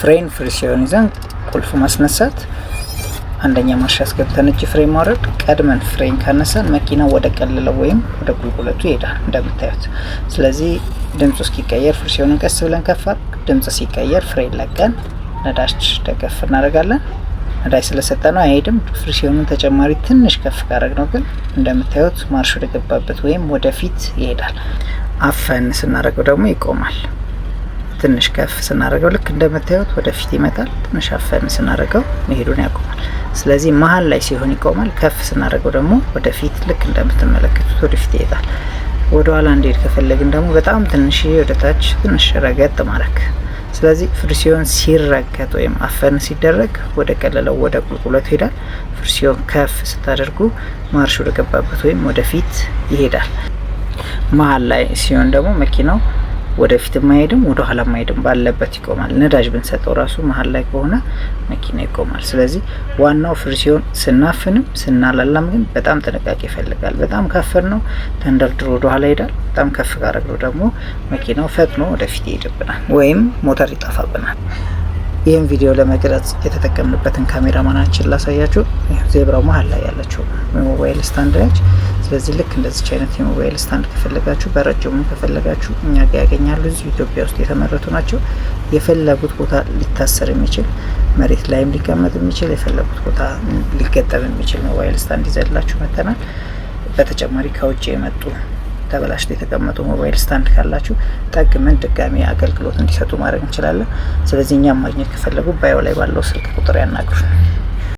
ፍሬን ፍሬሽ ሲሆን ይዘን ቁልፍ ማስነሳት፣ አንደኛ ማርሽ አስገብተን እጅ ፍሬን ማውረድ። ቀድመን ፍሬን ካነሳን መኪናው ወደ ቀለለው ወይም ወደ ቁልቁለቱ ይሄዳል እንደምታዩት። ስለዚህ ድምፁ እስኪቀየር ፍሪ ቀስ ብለን ከፋ፣ ድምፅ ሲቀየር ፍሬን ለቀን ነዳጅ ደገፍ እናደርጋለን። ነዳጅ ስለሰጠ ነው አይሄድም። ፍሪ ተጨማሪ ትንሽ ከፍ ካረግ ነው ግን እንደምታዩት ማርሽ ወደገባበት ወይም ወደፊት ይሄዳል። አፈን ስናደርገው ደግሞ ይቆማል። ትንሽ ከፍ ስናደርገው ልክ እንደምታዩት ወደፊት ይመጣል። ትንሽ አፈን ስናደርገው መሄዱን ያቆማል። ስለዚህ መሀል ላይ ሲሆን ይቆማል። ከፍ ስናደርገው ደግሞ ወደፊት ልክ እንደምትመለከቱት ወደፊት ይሄዳል። ወደ ኋላ እንዲሄድ ከፈለግን ደግሞ በጣም ትንሽ ወደታች ትንሽ ረገጥ ማለክ። ስለዚህ ፍርሲዮን ሲረገጥ ወይም አፈን ሲደረግ ወደ ቀለለው ወደ ቁልቁለቱ ይሄዳል። ፍርሲዮን ከፍ ስታደርጉ ማርሽ ወደ ገባበት ወይም ወደፊት ይሄዳል። መሀል ላይ ሲሆን ደግሞ መኪናው ወደፊት ማሄድም ወደ ኋላ ማሄድም ባለበት ይቆማል። ነዳጅ ብንሰጠው ራሱ መሀል ላይ ከሆነ መኪና ይቆማል። ስለዚህ ዋናው ፍር ሲሆን ስናፍንም ስናላላም ግን በጣም ጥንቃቄ ይፈልጋል። በጣም ከፍር ነው ተንደርድሮ ወደ ኋላ ይሄዳል። በጣም ከፍ ካረግነው ደግሞ መኪናው ፈጥኖ ወደፊት ይሄድብናል ወይም ሞተር ይጠፋብናል። ይህን ቪዲዮ ለመቅረጽ የተጠቀምንበትን ካሜራማናችን ላሳያችሁ። ዜብራው መሀል ላይ ያለችው ሞባይል ስታንድ ነች። ስለዚህ ልክ እንደዚች አይነት የሞባይል ስታንድ ከፈለጋችሁ በረጅሙ ከፈለጋችሁ እኛ ጋ ያገኛሉ። እዚሁ ኢትዮጵያ ውስጥ የተመረቱ ናቸው። የፈለጉት ቦታ ሊታሰር የሚችል መሬት ላይም ሊቀመጥ የሚችል የፈለጉት ቦታ ሊገጠም የሚችል ሞባይል ስታንድ ይዘላችሁ መጥተናል። በተጨማሪ ከውጭ የመጡ ተበላሽተው የተቀመጡ ሞባይል ስታንድ ካላችሁ ጠግመን ድጋሚ አገልግሎት እንዲሰጡ ማድረግ እንችላለን። ስለዚህ እኛም ማግኘት ከፈለጉ ባዮ ላይ ባለው ስልክ ቁጥር ያናግሩን።